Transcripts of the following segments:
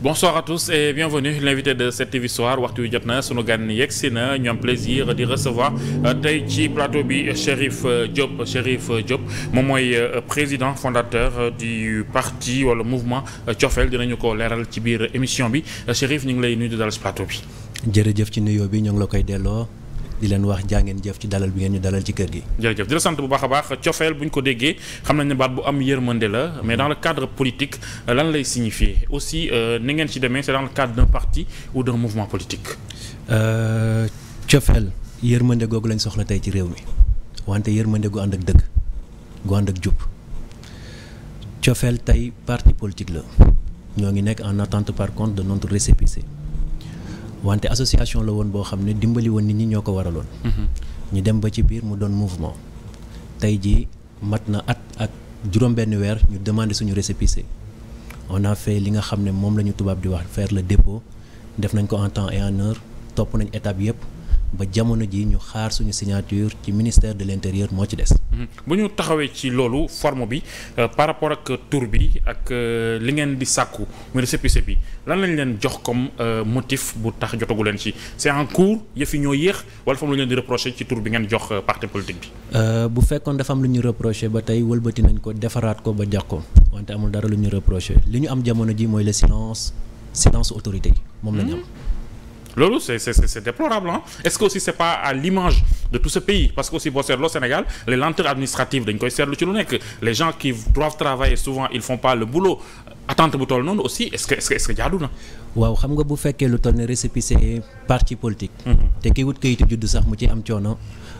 bonsoir à tous et bienvenue l'invité de cette TV soir waxtu wi jot na sunu gan yegsi na ñu am plaisir di recevoir euh, tey ci plateau bi euh, Chérif euh, Diop Chérif Diop moom mooy président fondateur du parti wala mouvement Thiofel dinañu ko leeral ci biir émission bi Chérif ñu ngi lay nuyu di dal ci plateau bi. jërëjëf ci nuyoo bi ñu ngi la koy delloo. di leen wax jaa ngeen jëf ci dalal bi ngeen ñu dalal ci kër gi. jërëjëf di la sant bu baax a baax cofeel bu ñu ko déggee xam nañ ne baat bu am yërmande la mais dans le cadre politique euh, lan lay signifier aussi euh, ni ngeen ci demee c'est dans le cadre d'un parti ou d'un mouvement politique. Euh, cofeel yërmande googu lañ soxla tey ci réew mi wante yërmande gu ànd ak dëgg gu ànd ak jub cofeel tey parti politique la ñoo ngi nekk en attente par contre de notre récépissé wante association la woon boo xam ne dimbali woon nit ñi ñoo ko waraloon. Mm-hmm. ñu dem ba ci biir mu doon mouvement. tey jii mat na at ak juróom-benn weer ñu demandé suñu récépissé on a fait li nga xam ne moom la ñu tubaab di wax feer la dépôt def nañ ko en temps en eur topp nañ étape yëpp. ba jamono ji ñu xaar suñu signature ci ministère de l'intérieur moo ci des. Mhm. bu ñu taxawee ci loolu forme bi euh, par rapport ak tour bi ak euh, li ngeen di sàkku muy récépissé bi lan lañu leen jox comme euh, motif bu tax jotagu leen ci c'est en cours yëf yi ñoo yéex wala fa am lu leen di reproché ci tour bi ngeen jox parti politique bi. bu fekkoon dafa am lu ñu reproché ba tey wëlbati nañ ko defaraat ko ba jox ko wante amul dara lu ñu reproché li ñu am jamono ji mooy le silence silence autorité yi moom la am. Mhm. loolu c'est c'est c'est déplorable ah c'est pas à l'image de tout ce pays parce que aussi boo seetloo Sénégal les lenteurs administratives dañ koy seetlu ci lu nekk les gens qui doivent travailler souvent ils font pas le boulot attente bu toll noonu aussi est-ce que est-ce que jaadu na. waaw xam nga bu fekkee lu toll ne récépissé parti politique. Mhm. te ki wut kayitu juddu sax mu ci am coono.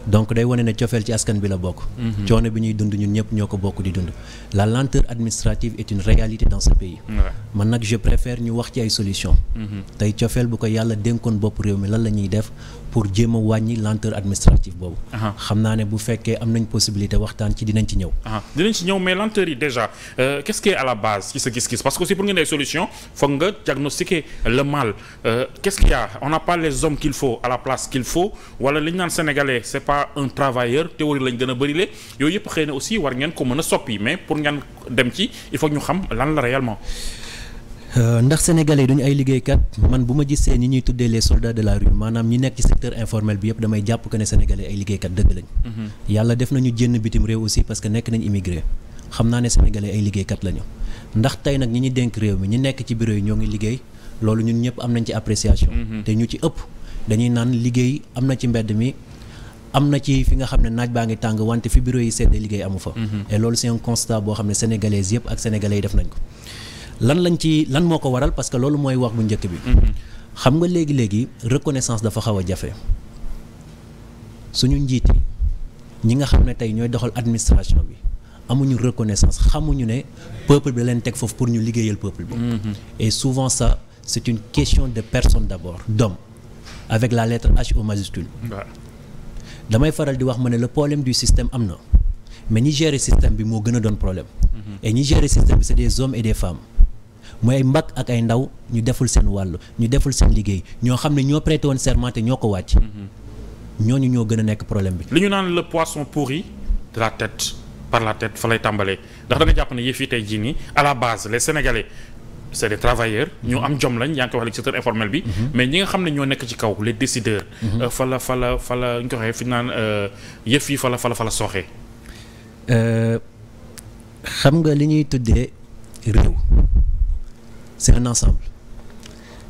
donc day wane ne cofeel ci askan bi la bokk mhm. coono bi ñuy dund ñun ñëpp ñoo ko bokk di dund la lenteur administrative est une réalité dans ce pays man nag je préfère ñu wax ci ay solution mhm. tey cofeel bu ko yàlla dénkoon bopp réew mi lan la def pour jéem a wàññi lenteur administrative boobu. xam naa ne bu fekkee am nañ possibilité waxtaan ci dinañ ci ñëw. dinañ ci ñëw mais lenteur yi déjà euh, quest à la base ci sa gis-gis parce que aussi pour ngeen ay solution foog nga diagnostiquer le mal euh, qu'est-ce qu'il a on n'a les hommes qu'il faut à la place qu'il faut wala li naan sénégalais c'est pas un travailleur théorie lañ gën a bëri le yooyu yëpp xëy na aussi war ngeen ko mën a soppi mais pour ngeen dem ci il faut ñu xam lan la réellement. Euh, ndax sénégalais yi duñu ay liggéeykat man bu ma gisee ñi ñuy tuddee les soldats de la rue maanaam ñi nekk ci secteur informel bi yëpp damay jàpp que ne sénégalais ay liggéeykat dëgg lañ. Mhm. yàlla def nañu jénn bitim réew aussi parce que nekk nañ immigré xam naa ne sénégalais ay liggéeykat lañu ndax tey nag ñi ñu dénk réew mi ñi nekk ci bureau yi ñoo ngi liggéey loolu ñun ñëpp am nañ ci appréciation. Mhm. te ñu ci ëpp dañuy naan liggéey am na ci mbedd mi. am na ci fi nga xam ne naaj baa ngi tàng wante fi bureau yi seddee liggéey amu fa. Mhm. et loolu c'est un xam ne sénégalaises yëpp ak sénégalais yi def ko. lan lañ ci lan moo ko waral parce que loolu mooy wax bu njëkk bi. Mhm. xam nga léegi léegi reconnaissance dafa xaw a jafe suñu njiit yi ñi nga xam ne tey ñooy doxal administration bi amuñu reconnaissance xamuñu ne peuple bi leen teg foofu pour ñu liggéeyal peuple bi. Mhm. et souvent ça c'est une question de personne d'abord d'homme avec la lettre H au majuscule. damay faral di wax ma ne la problème du système am na mais ñi système bi moo gën a doon problème. Mhm. et ñi gérer système bi c'est des mooy ay mag ak ay ndaw ñu deful seen wàll ñu deful seen liggéey ñoo xam ne ñoo prêté woon serment te ñoo ko wàcc. Mm-hmm. ñooñu ñoo gën a nekk problème bi. li ñu naan le poisson pourri de la tête par la tête fa lay tàmbalee ndax da nga jàpp ne yëf tey jii nii à la base les sénégalais. c'est des travailleurs mm-hmm. ñoo am jom lañ yaa ngi koy wax ci secteur informel bi mm-hmm. mais ñi nga xam ne ñoo nekk ci kaw les décideurs fala fala euh, fa ñu ko waxee fi naan euh, yëf yi fala fala fala sooxee euh, xam nga li ñuy tuddee réew c'est un ensemble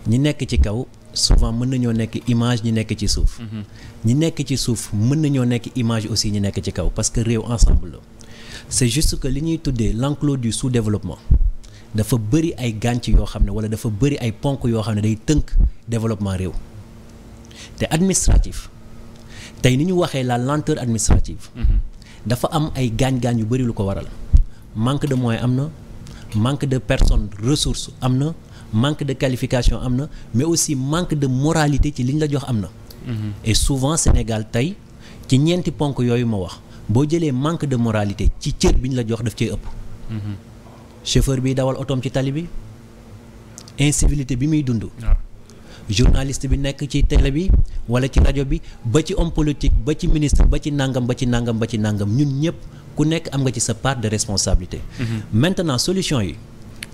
ñi nekk ci kaw souvent mën nañoo nekk image ñi nekk ci suuf. Mhm. ñi nekk ci suuf mën nañoo nekk image aussi ñi nekk ci kaw parce que réew ensemble la c'est juste que li ñuy tuddee l'enclos du sous-développement dafa bëri ay gànc yoo xam ne wala dafa bëri ay ponk yoo xam ne day tënk développement réew te administratif tey ni ñu waxee la lenteur administrative. Mhm. dafa am ay gaañ-gaañ yu bëri lu ko waral manque de moyens am na. manque de personnes ressource am na manque de qualification am na mais aussi manque de moralité ci li ñu la jox am na mhm. et souvent Sénégal tey ci ñeenti ponk yooyu ma wax boo jëlee manque de moralité ci cër bi ñu la jox daf cee ëpp mhm. chauffeur bi dawal otoom ci tali bi incivilité bi muy dund ah. journaliste bi nekk ci télé bi wala ci rajo bi ba ci homme politique ba ci ministre ba ci nangam ba ci nangam ba ci nangam ñun ñëpp ku nekk am nga ci sa part de responsabilité. Mhm. maintenant solution yi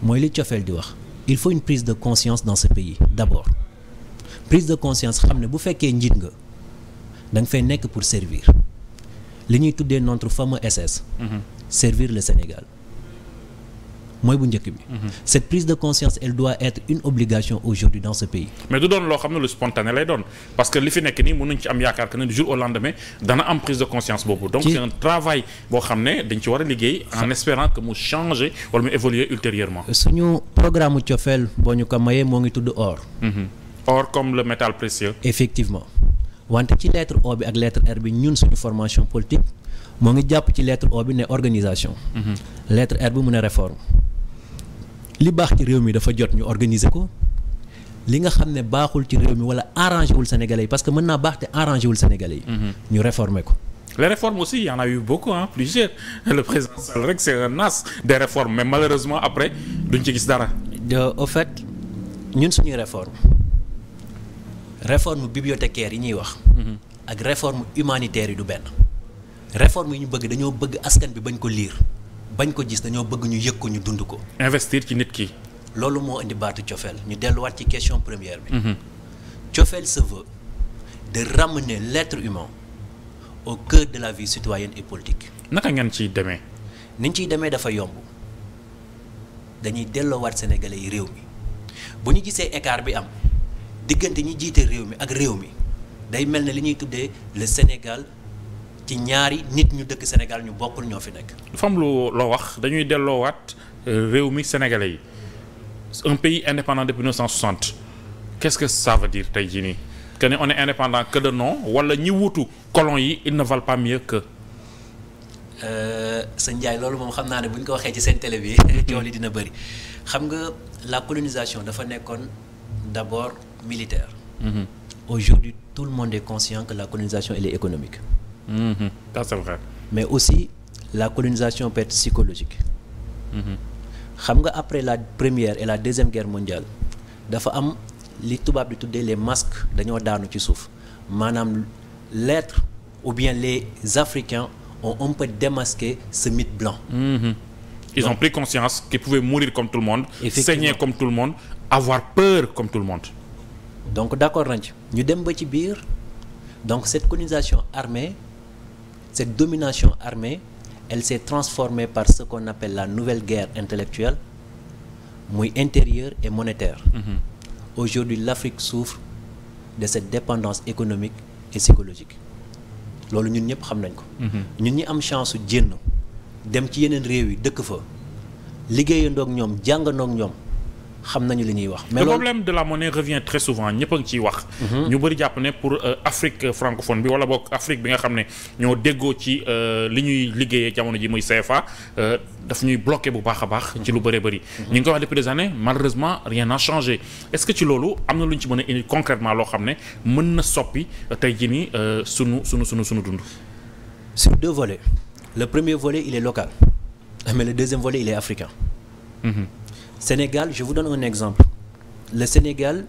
mooy li Thiofel di wax il faut une prise de conscience dans ce pays d'abord prise de conscience xam ne bu fekkee njiit nga da fay nekk pour servir li ñuy tuddee notre fameux SS. Mhm. servir le Sénégal. mooy bu njëkk bi. Mhm. cette prise de conscience elle doit être une obligation aujourd'hui dans ce pays. mais du doon loo xam ne lu spontané lay doon parce que li fi nekk nii mënuñ ci am yaakaar que jour au lendemain dana am prise de conscience boobu. donc c'est un travail boo xam ne dañ ci war a liggéey en espérant que mu changer wala mu évoluer ultérieurement. suñu programme cofeel boo ñu ko mayee moo ngi tudd or. Mhm. or comme le métal précieux. effectivement O O li baax ci réew mi dafa jot ñu organiser ko li nga xam ne baaxul ci réew mi wala arrangé wul sénégalais yi parce que mën naa baax te arrangé wul yi. Mhm. ñu réformer ko. les réformes aussi il y en a eu beaucoup ah plusieurs le mais malheureusement après duñ ci gis dara. au fait ñun suñuy réforme réforme bibliothécaire yi ñuy wax. Mhm. ak réforme humanitaire yi du benn. réforme yi ñu bëgg dañoo bëgg askan bi bañ ko liir. bañ ko gis dañoo bëgg ñu yëg ko ñu dund ko. investir ci nit ki. loolu moo indi baatu cofeel ñu delluwaat ci question première bi. Mhm. cofeel se veut de ramener l'être humain au cœur de la vie citoyenne et politique. naka ngeen ciy demee. niñ ciy demee dafa yomb dañuy delloowaat sénégalais yi réew mi bu ñu gisee écart bi am diggante ñi jiite réew mi ak réew mi day mel ne li ñuy tuddee le Sénégal. ci ñaari nit ñu dëkk Sénégal ñu bokkul ñoo fi nekk. dafa am lu loo wax dañuy delloowaat euh, réew mi sénégalais yi un pays indépendant depuis 1960 qu'est-ce que ça veut dire tey jii nii que ne on est indépendant que de nom wala ñi wutu colon yi ils ne valent pas mieux que. Euh, sëñ Ndiaye loolu moom xam naa ne bu ko waxee ci seen télé bi coow li dina bëri xam nga la colonisation dafa nekkoon d'abord militaire. Mm -hmm. aujourd'hui tout le monde est conscient que la colonisation elle est économique. Mmh. mais aussi la colonisation peut être psychologique mm-hmm. xam nga après la première et la deuxième guerre mondiale dafa am li tubaab di tuddee les masques dañoo daanu ci suuf maanaam l'être ou bien les Africains ont un peu démasqué ce mythe blanc mm-hmm. ils ont pris conscience qu'ils pouvaient mourir comme tout le monde saigner comme tout le monde avoir peur comme tout le monde donc d'accord nañ ci ñu dem ba ci biir donc cette colonisation armée Cette domination armée, elle s'est transformée par ce qu'on la nouvelle guerre intellectuelle, muy intérieure et monétaire. Mm -hmm. Aujourd'hui, l'Afrique souffre de cette dépendance économique et psychologique. loolu ñun ñëpp xam nañ ko. Mm-hmm. ñun ñi am chance su jénn dem ci yeneen réew yi dëkk fa liggéeyandoo ñoom jàngandoo ñoom. xam nañu li ñuy wax. mais le problème de la monnaie revient très souvent ñëpp a ngi ciy wax. Mhm. ñu bëri jàpp ne pour euh, Afrique euh, francophone bi wala boog Afrique bi nga xam ne ñoo déggoo ci euh, li ñuy liggéeyee jamono ji muy CFA daf ñuy bloqué bu baax a baax. ci lu bëree bëri. Mhm. ñu ngi koy wax depuis des années malheureusement rien n'a changé est-ce que ci loolu am na lu ñu ci mën a indi concrètement loo xam ne mën na soppi tey jii nii sunu sunu sunu sunu dund. sur deux volets le premier volet il est local mais le deuxième volet il est Sénégal, je vous donne un exemple. Le Sénégal,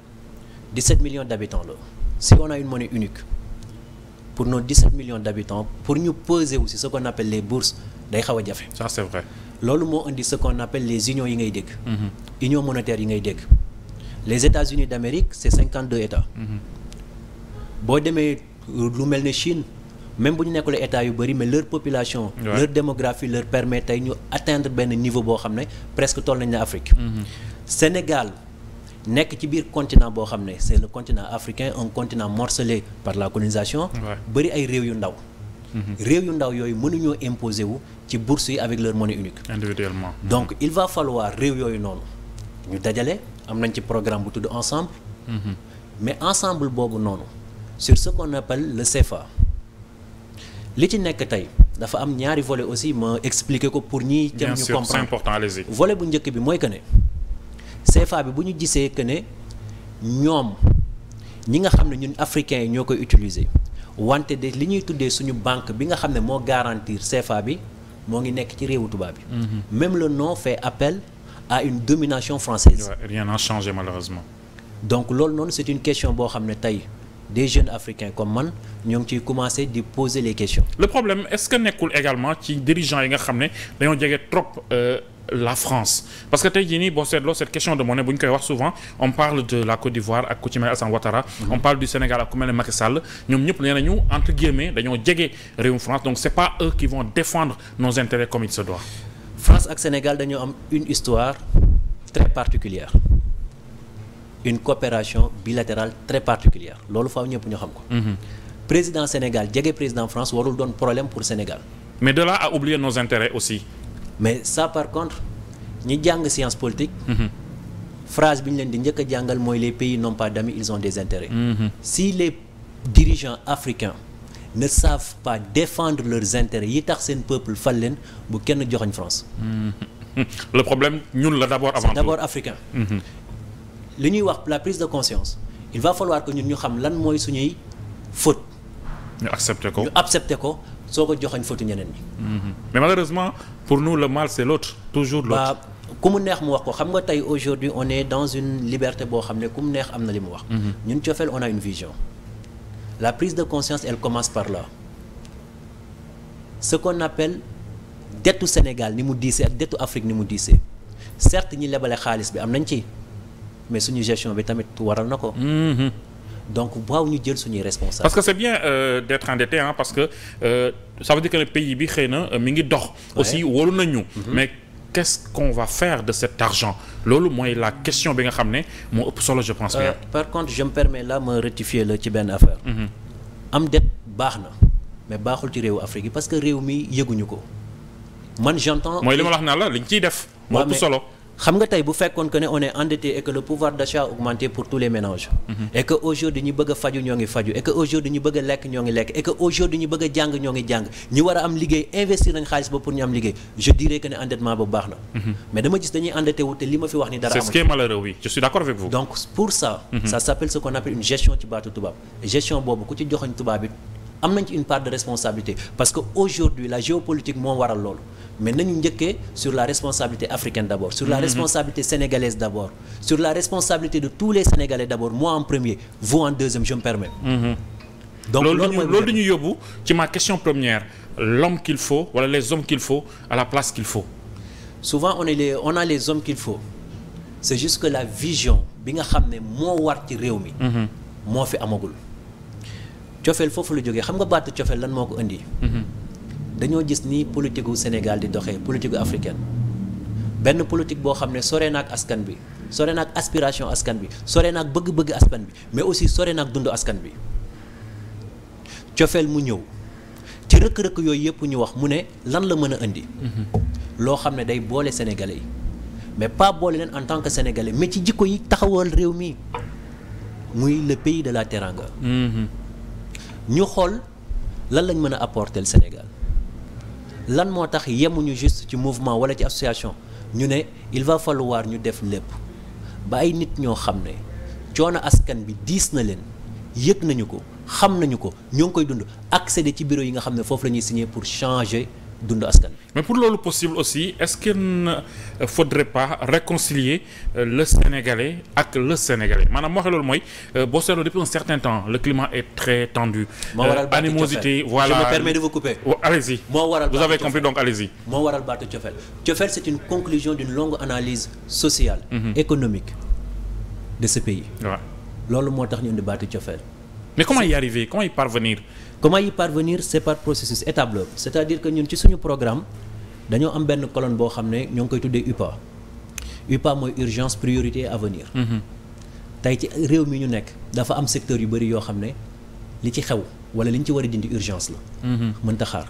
17 millions d'habitants là. Si on a une monnaie unique, pour nos 17 millions d'habitants, pour nous poser aussi ce qu'on appelle les bourses, day xaw a jafe. Ça loolu moo indi sa qu'on appelle les unions yi ngay dégg. Mm-hmm. union monétaire yi ngay dégg. les États-Unis d'Amérique c'est 52 États. Mm-hmm. boo demee lu mel ne Chine. même bu ñu nekkulee état yu bëri mais leur population. Ouais. leur démographie leur permet tey ñu atteindre benn niveau boo xam ne presque toll nañ la Afrique. Mmh. Sénégal nekk ci biir continent boo xam ne c' est le continent africain un continent morcelé par la colonisation. bëri ay réew yu ndaw. Mhm. réew yu ndaw yooyu mënuñoo imposer wu ci bourse yi avec leur monnaie unique. individuellement mhm. donc mmh. il va falloir réew yooyu noonu ñu dajale am nañ ci programme bu tudd ensemble. Mmh. mais ensemble boobu noonu sur ce qu'on appelle le li ci nekk tey dafa am ñaari volet aussi ma explique ko pour ñi jëm ñu comprendre c'est bu njëkk bi mooy que ne CFA bi bu ñu gisee que ne ñoom ñi nga xam ne ñun africains yi ñoo koy utiliser wante de li ñuy tuddee suñu banque bi nga xam ne moo garantir CFA bi moo ngi nekk ci réewu tubaab bi. Mm-hmm. même le noo fait appel à une domination française. rien n'a changé malheureusement. donc loolu noonu c'est une question boo xam ne tey. des jeunes africains comme man ñoo ngi ciy commencé di poser les questions. le problème est-ce que nekkul également ci dirigeants yi nga xam ne dañoo jege trop. Euh, la France parce que te jii nii boo seetloo cette question de monnaie bu ñu koy wax souvent on parle de la Côte d'Ivoire ak ku ci mel Assane mhm. on parle du Sénégal ak ku mel ne ñoom ñëpp nee nañu entre guillemets dañoo jege réewum France donc c'est pas eux qui vont défendre nos intérêts comme il se doit. France Sénégal dañoo am une histoire très particulière une coopération bilatérale très particulière loolu faaw ñëpp ñu xam ko. Mhm. président Sénégal jege président France warul doon problème pour Sénégal. mais de là à oublier nos intérêts aussi. mais ça par contre ñi jàng science politique. Mhm. phrase bi ñu leen di njëkk a jàngal mooy les pays n'ont pas d'amis ils ont des intérêts. Mhm. si les dirigeants africains ne savent pas défendre leurs intérêts yi tax seen peuple fal bu kenn joxoñ France. le problème ñun la d'abord li ñuy wax la prise de conscience il va falloir que ñun ñu xam lan mooy suñuy fóot ñu accepté ko ñu accepté ko soo ko joxoñ faute ñeneen ñi. Mhm. mais malheureusement pour nous le mal c'est l'autre toujours l'autre. Bah, ku mu neex mu wax ko xam nga tey aujourd'hui on est dans une liberté boo xam ne ku mu neex am na li mu wax. Mhm. ñun Thiofel on a une vision. la prise de conscience elle commence par la ce qu'on appelle dettu Sénégal ni mu diisee ak dettu Afrique ni mu diisee certes ñi lebale xaalis bi am nañ ci. mais suñu gestion bi tamit waral na ko. Mm-hmm. donc waaw ñu jël suñuy responsable. parce que c'est bien euh, d'être endetté hein, parce que euh, ça veut bi xëy na euh, mi ngi dox. aussi wóolu nañu mm-hmm. mais qu'est-ce qu'on va faire de cet loolu mooy la question bi nga xam ne moo ëpp solo je pense. bien euh, par contre je me permets là ma rectifier la ci benn affaire. Mm-hmm. am det baax na mais baaxul ci réewu Afrique yi parce que réew mi yëguñu ko man j'entends. mooy li ma wax naa la liñ ciy def. moo ëpp solo. xam nga tey bu fekkoon que ne on est endetté et que le pouvoir d'achat a augmenté pour tous les ménages mm-hmm. et que aujourd'hui ñu bëgg a faju ñoo ngi faju et que aujourd'hui ñu bëgg a lekk ñoo ngi lekk et que aujourd'hui ñu bëgg a jàng ñoo ngi jàng ñu war a am liggéey investir nañ xaalis ba ñu am liggéey je dirais que ne endettement boobu baax na mm-hmm. mais dama gis dañuy endetté wu te li ma fi wax ni dara amul c'est ce qui est malheureux oui je suis d'accord avec vous donc pour mm-hmm. mais nañu njëkkee sur la responsabilité africaine d'abord sur la mm-hmm. responsabilité sénégalaise d'abord sur la responsabilité de tous les sénégalais d'abord moi en premier vous en deuxième je me permets mm-hmm. donc loolu loolu dañu yóbbu ci ma question première l'homme qu'il faut wala les hommes qu'il faut à la place qu'il faut souvent on les on a les hommes qu'il faut c'est juste que la vision bi nga xam ne moo war ci réew mi mm-hmm. moo fi amagul cofeel foofu la jógee xam nga baatu cofeel lan moo ko indi dañoo gis ni politique Sénégal di doxe politique gu africaine benn politique boo xam ne sore ak askan bi sore naag aspiration askan bi sore naag bëgg-bëgg askan bi mais aussi sore naag dund askan bi cofeel mu ñëw ci rëkk-rëkk yooyu yëpp ñu wax mu ne lan la mën a indi. Mm-hmm. loo xam ne day boole sénégalais yi mais pas boole leen en tant que sénégalais mais ci jikko yi taxawal réew mi muy le pays de la teranga mm-hmm. ñu xool lan lañ mën a apporter Sénégal. lan moo tax yemuñu juste ci mouvement wala ci association ñu ne il va falloir ñu def lépp ba ay nit ñoo xam ne coono askan bi diis na leen yëg nañu ko xam nañu ko ñoo ngi koy dund accéder ci bureau yi nga xam ne foofu la ñuy signer pour changer dund askan bi mais pour loolu possible aussi est-ce qu'il ne faudrait pas réconcilier euh, le sénégalais ak le sénégalais maanaam waxee loolu mooy euh, boo seetloo depuis un certain temps le climat est très tendu. moo euh, waral animosité voilà je me permets de vous allez-y moo waral vous avez compris donc allez-y. moo waral baatu cofeel cofeel c'est une conclusion d'une longue analyse sociale. Mhm. économique de ce pays. loolu moo tax ñu indi baatu cofeel mais comment y arriver comment y parvenir. comment y parvenir c'est par processus étape la c'est-à-dire que ñun ci suñu programme dañoo am benn colonne boo xam ne ñoo koy tuddee UPA UPA mooy urgence priorité avenir mm-hmm. tey ci réew mi ñu nekk dafa am secteur yu bëri yoo xam ne li ci xew wala li ci war a dindi urgence la mm-hmm. mënta xaar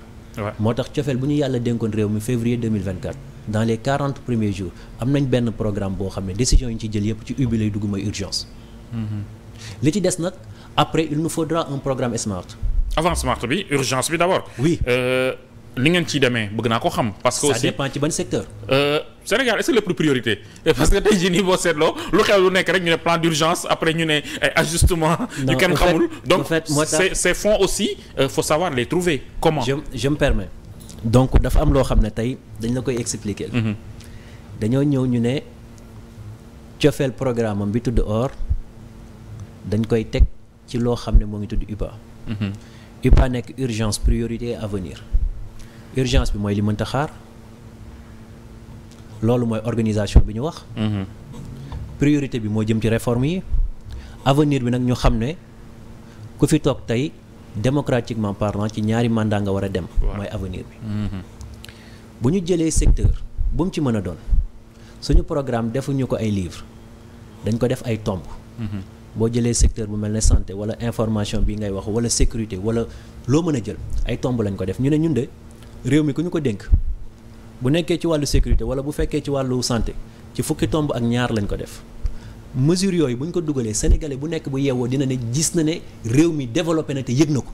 moo tax cofeel bu ñu yàlla dénkoon réew mi février 2024 dans les quarante premiers jours am nañ benn programme boo xam ne décision yi ci jël yëpp ci ubbi lay dugg avancement bi urgence bi d'abord. oui euh, li ngeen ciy demee bëgg naa ko xam. parce que aussi ça dépend ci ban secteur. Euh, Sénégal est-ce que lépp priorité parce que tey jii nii boo seetloo lu xew lu nekk rek ñu ne plan d'urgence après ñu ne ay eh, ajustement yu kenn xamul donc ces ces fonds aussi euh, faut savoir les trouver comment. je je permets donc dafa am loo xam ne tey dañ la koy expliquer. Mhm. dañoo ñëw ñu ne cofeel programme am bi tudd or dañ koy teg ci loo xam ne moo ngi tudd UPA nekk urgence priorité avenir urgence bi mooy li mënta xaar loolu mooy organisation bi ñu wax. Mhm. priorité bi moo jëm ci réforme yi avenir bi nag ñu xam ne ku fi toog tey démocratiquement parlant ci ñaari mandat nga war a dem. mooy avenir bi. Mhm. bu ñu jëlee secteur bu mu ci mën a doon suñu programme defuñu ko ay livres dañ ko def ay tomb mhm. boo jëlee secteur bu mel ne santé wala information bi ngay wax wala sécurité wala loo mën a jël ay tomb lañ ko def ñu ne ñun de réew mi ku ñu ko dénk bu nekkee ci wàllu sécurité wala bu fekkee ci wàllu santé ci fukki tomb ak ñaar lañ ko def mesure yooyu bu ñu ko dugalee sénégalais bu nekk bu yeewoo dina ne gis na ne réew mi développé na te yëg na ko.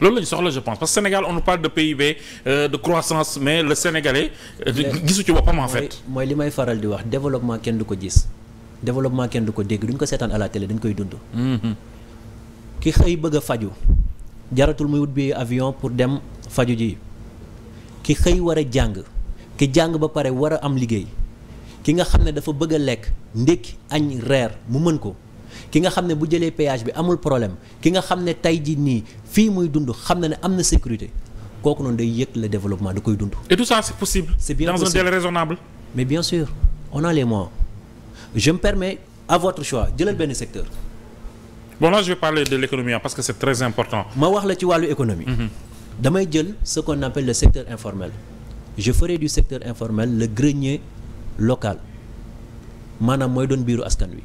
loolu la ñu soxla je pense Sénégal on parle de PIB euh, de croissance mais le sénégalais. Euh, gisu ci boppam en mooy li may faral di wax développement kenn du ko gis. développement kenn du ko dégg duñ ko seetaan à la télé dañ koy dund. Mm-hmm. ki xëy bëgg a faju jaratul muy wut bi avion pour dem faju ji ki xëy war a jàng ki jàng ba pare war a am liggéey ki nga xam ne dafa bëgg a lekk ndékki añ reer mu mën ko. ki nga xam ne bu jëlee péage bi amul problème ki nga xam ne tey jii nii fii muy dund xam na ne am na sécurité kooku noonu day yëg le développement da koy dund. et tout ça c'est possible. dans possible. un délai raisonnable. mais je me permets à votre choix jëlal benn secteur. bon là je vais parler de l'économie parce que c'est très important. ma wax la ci wàllu économie. Mhm. damay jël ce qu'on appelle le secteur informel. je ferai du secteur informel le grenier local maanaam mooy doon biiru askan wi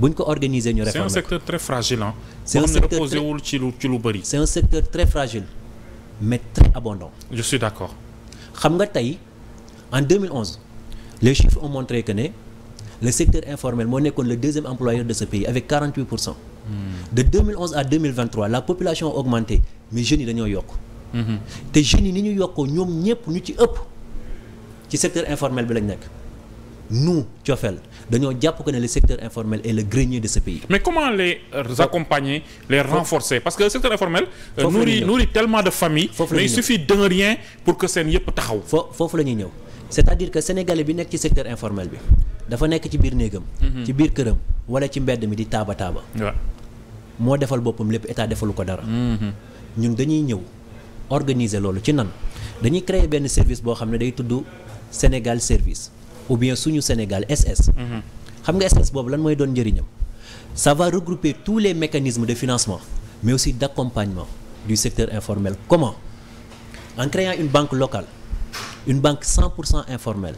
buñ ko organiser ñu. réformer c'est un secteur très fragile c'est un secteur wul ci lu ci lu bëri. c'est un très fragile mais très abondant. je suis xam nga tey en 2011 les on ont montré que ne. le secteur informel moo nekkoon le deuxième employeur de ce pays avec 48 pour cent. Hmm. de 2011 à 2023 la population a mais jeunes dañoo yokk. Hmm. te jeunes ni ñu yokkoo ñoom ñëpp ñu ci ëpp ci secteur informel bi lañ nekk. nu Thiofel dañoo jàpp que ne le secteur informel est le grenier de ce pays. mais comment les accompagner les renforcer parce que le secteur informel. Euh, foofu tellement de familles. mais il suffit d'un rien pour que seen yëpp taxaw. foofu la ñuy ñëw. c'est-à-dire que sénégalais bi nekk ci secteur informel bi dafa nekk ci biir néegam. Mhm. ci biir këram wala ci mbedd mi di taaba taaba. moo defal boppam lépp état defalu ko dara. Mhm. ñun dañuy ñëw organiser loolu ci nan dañuy créer benn service boo xam ne day tudd Sénégal service ou bien suñu Sénégal SS. Mhm. xam nga SS boobu lan mooy doon njëriñam. ça va regrouper tous les mécanismes de financement mais aussi d'accompagnement du secteur informel comment en créant une banque locale. une banque 100% informelle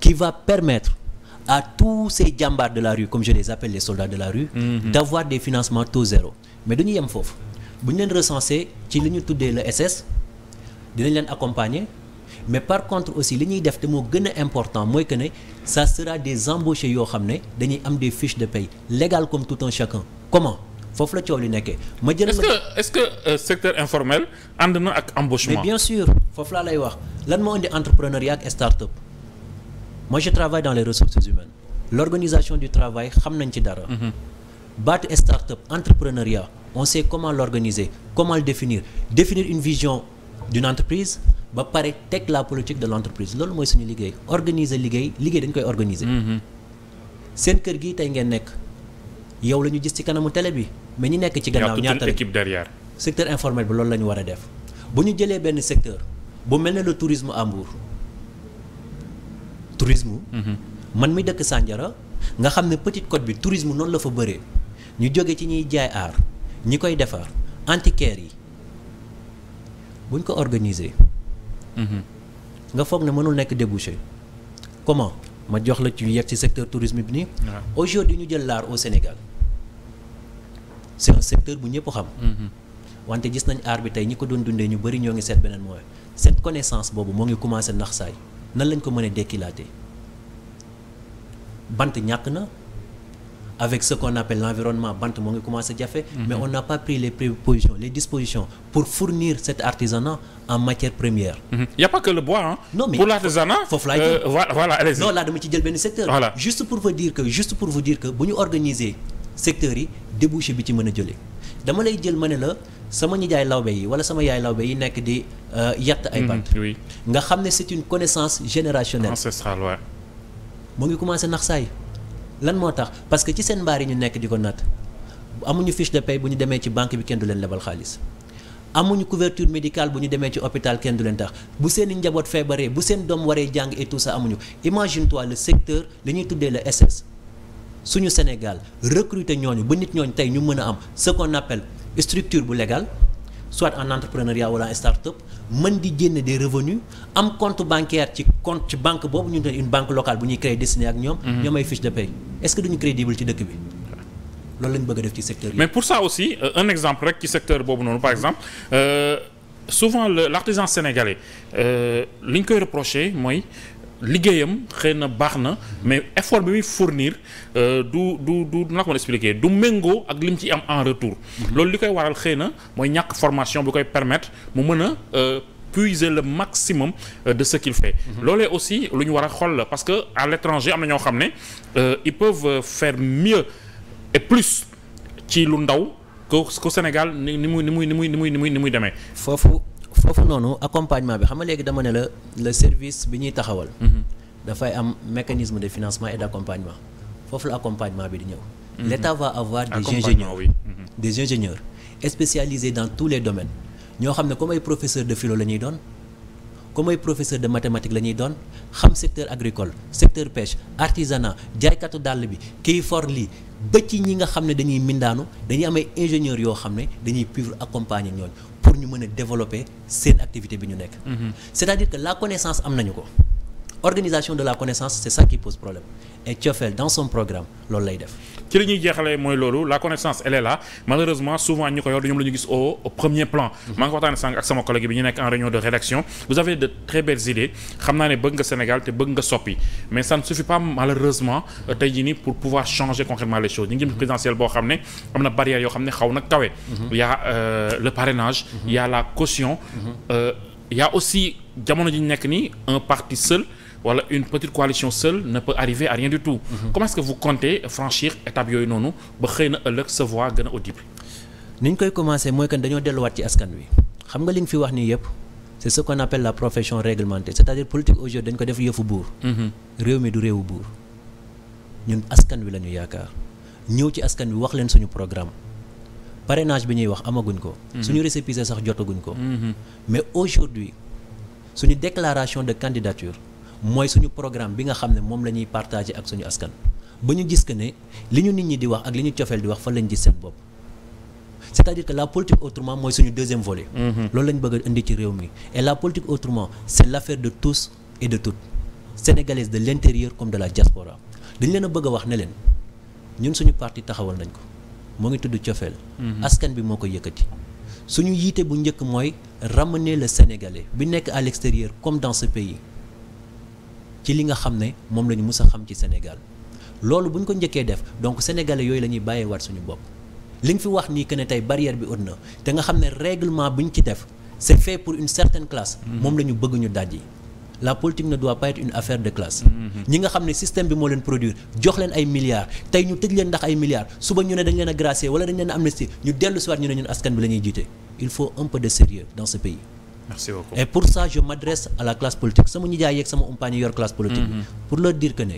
qui va permettre à tous ces jàmbaar de la rue comme je les appelle les soldats de la rue mmh. d'avoir des financements taux zéro mais duñu yem foofu bu ñu leen recenser ci li ñu tuddee le SS dinañ leen accompagner mais par contre aussi li ñuy def te moo gën a important mooy que ne ça sera des embauchés yoo xam ne dañuy am des fiches de paie légales comme tout un chacun comment foofu la coow li nekkee. ma jël est-ce que est-ce que euh, secteur informel ànd na ak embauchement. mais bien sûr foofu laa lay wax lan moo indi entrepreneuriat ak start-up moi je travaille dans les ressources humaines l'organisation du travail xam nañ ci dara. Mhm. baatu start-up entrepreneuriat on sait comment l'organiser comment le définir définir une vision d'une entreprise ba pare teg la politique de l'entreprise loolu mooy suñu liggéey organiser liggéey liggéey dañ koy organiser. Mhm. seen kër gi tey ngeen nekk yow la gis ci kanamu télé bi. mais ñi nekk ci gannaaw ñaata équipe derrière secteur informel bi loolu la ñu war a def bu ñu jëlee benn secteur bu mel ne le tourisme à Mbour tourisme mhm. man mi dëkk sànjara nga xam ne petite côte bi tourisme noonu la fa bëree ñu jóge ci ñuy jaay aar ñi koy defar antiquaire yi buñ ko organiser mhm. nga foog ne mënul nekk débouché comment ma jox la ci yegg ci secteur tourisme bi nii aujourd'hui ñu jël laar au Sénégal c' est un secteur bu ñëpp xam. Mm-hmm. wante gis nañ aar bi tey ñi ko doon dundee ñu bëri ñoo ngi seet beneen mooy cette connaissance boobu moo ngi commencé nax saay nan lañ ko mën a dekkilaatee bant ñàkk na avec ce qu'on appelle l'environnement bant moo ngi commencé jafe. Mm-hmm. mais on n'a pas pris les prépositions les dispositions pour fournir cet artisanat en matière première. il mm-hmm. y a pas que le bois hein. non mais pour l'artisanat foofu laay jël euh, voilà allez dama ci jël benn secteur. yi. débouché bi ci mën a jëlee dama lay jël ma ne la sama nijaay lawbe yi wala sama yaay lawbe yi nekk di euh, yàtt ay bant mm-hmm, nga xam ne c'est une connaissance générationnelle ancestrale waaw moo ngi commencé nax saay lan moo tax parce que ci seen mbaar yi ñu nekk di ko natt amuñu fiche de paie bu ñu demee ci banque bi kenn du leen lebal xaalis amuñu couverture médical bu ñu demee ci hôpital kenn du leen tax bu seen i njaboot feebaree bu seen doom waree jàng et sa ça amuñu imagine toi le secteur li ñuy tuddee le SS suñu Sénégal recruter ñooñu ba nit ñooñu tey ñu mën a am ce appel appelle structure bu légale soit en entrepreneuriat wala en start mën di génne de revenus am compte bancaire ci compte ci banque boobu ñu ne une banque locale bu ñuy créer destiné ak ñoom. Mhm. ñoom ay fiche de paie est-ce que duñu crédible ci dëkk bi. loolu lañu bëgg a def ci secteur bi. mais pour ça aussi euh, un exemple rek ci secteur boobu noonu par exemple euh, souvent l'artisan sénégalais euh, li ñu koy reprocher mooy. liggéeyam xëy na baax na mais effort bi muy fournir euh, du du du naka ma du méngoo ak lim ci am en retour. Mhm. loolu li koy waral xëy na mooy ñàkk formation bi koy permettre mu mën a. Euh, puiser le maximum euh, de ce qu'il fait mhm. loole aussi lu ñu war a xool la parce que à l'étranger am na ñoo xam ne ils peuvent faire mieux et plus ci lu ndaw que que Sénégal ni muy ni muy ni muy ni muy ni muy ni muy demee foofu noonu accompagnement bi xam nga léegi dama ne la le service bi ñuy taxawal. Mhm. dafay am mécanisme de financement et d' accompagnement foofu la accompagnement bi di ñëw. Mhm. l' état va avoir des ingénieurs oui. Mhm. des ingénieurs dans tous les domaines ñoo xam ne comme ay professeur de philo la ñuy doon comme ay professeur de mathématiques la ñuy doon xam secteur agricole secteur pêche artisanat jaaykatu dàll bi kii for lii ba ñi nga xam ne dañuy mindaanu dañuy am ay yoo xam ne dañuy suivre accompagner ñooñu. pour ñu mën a développer seen activité bi ñu nekk. Mm-hmm. cest à la connaissance am nañu ko. organisation de la connaissance c'est ça qui pose problème et Thiofel dans son programme loolu lay def. ci li ñuy mooy loolu la connaissance elle est malheureusement souvent ñu ko yor ñoom gis au premier plan. maa ngi waxtaanee sànq ak sama collègue bi ñu nekk en réunion de rédaction vous avez de très belles idées xam naa ne bëgg nga Sénégal te bëgg nga soppi mais ça ne suffit pas malheureusement euh, tey jii nii pour pouvoir changer concrètement a euh, a euh, a wala une petite coalition seule ne peut arriver à rien du tout. Mhm. comment que vous comptez franchir étape yooyu noonu ba xëy na ëllëg sa voix gën a audible. ni ñu koy commencé mooy que dañoo delluwaat ci askan wi xam nga li nga fi wax nii yëpp c'est ce qu'on appelle la profession réglementée c'est-à-dire politique aujourd'hui dañ ko def yëfu buur. Mhm. réew mi du réewu buur ñun askan wi la ñu yaakaar ñëw ci askan wi wax leen suñu programme. parrainage bi ñuy wax amaguñ ko. Mhm. suñu récépissé sax jotaguñ ko. mais aujourd'hui suñu déclaration de candidature. mooy suñu programme bi nga xam ne moom la ñuy partagé ak suñu askan ba ñu gis ne li ñu nit ñi di wax ak li ñu cofeel di wax fan lañ gis seen bopp c'est-à-dire que la politique autrement mooy suñu deuxième volet mm-hmm. loolu lañ bëgg a indi ci réew mi et la politique autrement c'est l'affaire de tous et de toutes sénégalaise de l'intérieur comme de la diaspora dañ leen a bëgg a wax ne leen ñun suñu parti taxawal nañ ko moo ngi tudd cofeel mm-hmm. askan bi moo ko yëkkati suñu bu njëkk mooy ramener le sénégalais bi nekk ci li nga xam ne moom la ñu mus a xam ci Sénégal loolu bu ñu ko njëkkee def donc sénégale yooyu la ñuy waat suñu bopp li nga fi wax nii que ne tey barrière bi ut na te nga xam ne réglement bu ñu ci def c'est fait pour une certaine classe. Mm-hmm. moom la bëgg ñu daj yi la politique ne doit pas une affaire de classe. Mm-hmm. ñi nga xam ne système bi moo leen produire jox leen ay milliards tey ñu tëj leen ndax ay milliards suba ñu ne dañ leen a gracier wala dañ leen a amnistie ñu dellu si ñu ne ñun askan bi la ñuy jiite il faut un peu de merci beaucoup et pour ça je m'adresse à la classe politique sama nijaay yeeg sama umpaañ yor classe politique. Mhm. pour leur dire que ne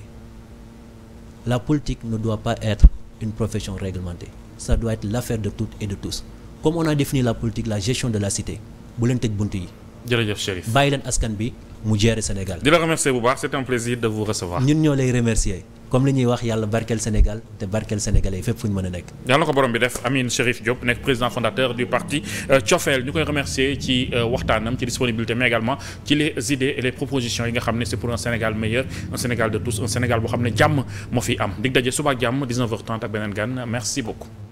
la politique ne doit pas être une profession réglementée ça doit être l'affaire de toutes et de tous comme on a défini la politique la gestion de la cité bu leen tëj bunt yi. jërëjëf Chérif bàyyi leen askan bi. mu gérer Sénégal. di la remercier bu baax c'est un plaisir de vous recevoir. ñun ñoo lay remercier comme li ñuy wax yàlla barkeel Sénégal te barkeel sénégalais fépp fu ñu mën a nekk. yàlla ko borom bi def Amine Chérif Diop nekk président fondateur du parti euh, Thiofel ñu koy remercier ci euh, waxtaanam ci disponibilité mais également ci les idées et les propositions yi nga xam ne c'est pour un Sénégal meilleur un Sénégal de tous un Sénégal boo xam ne jàmm moo fi am dig daje jàmm 19h30 ak beneen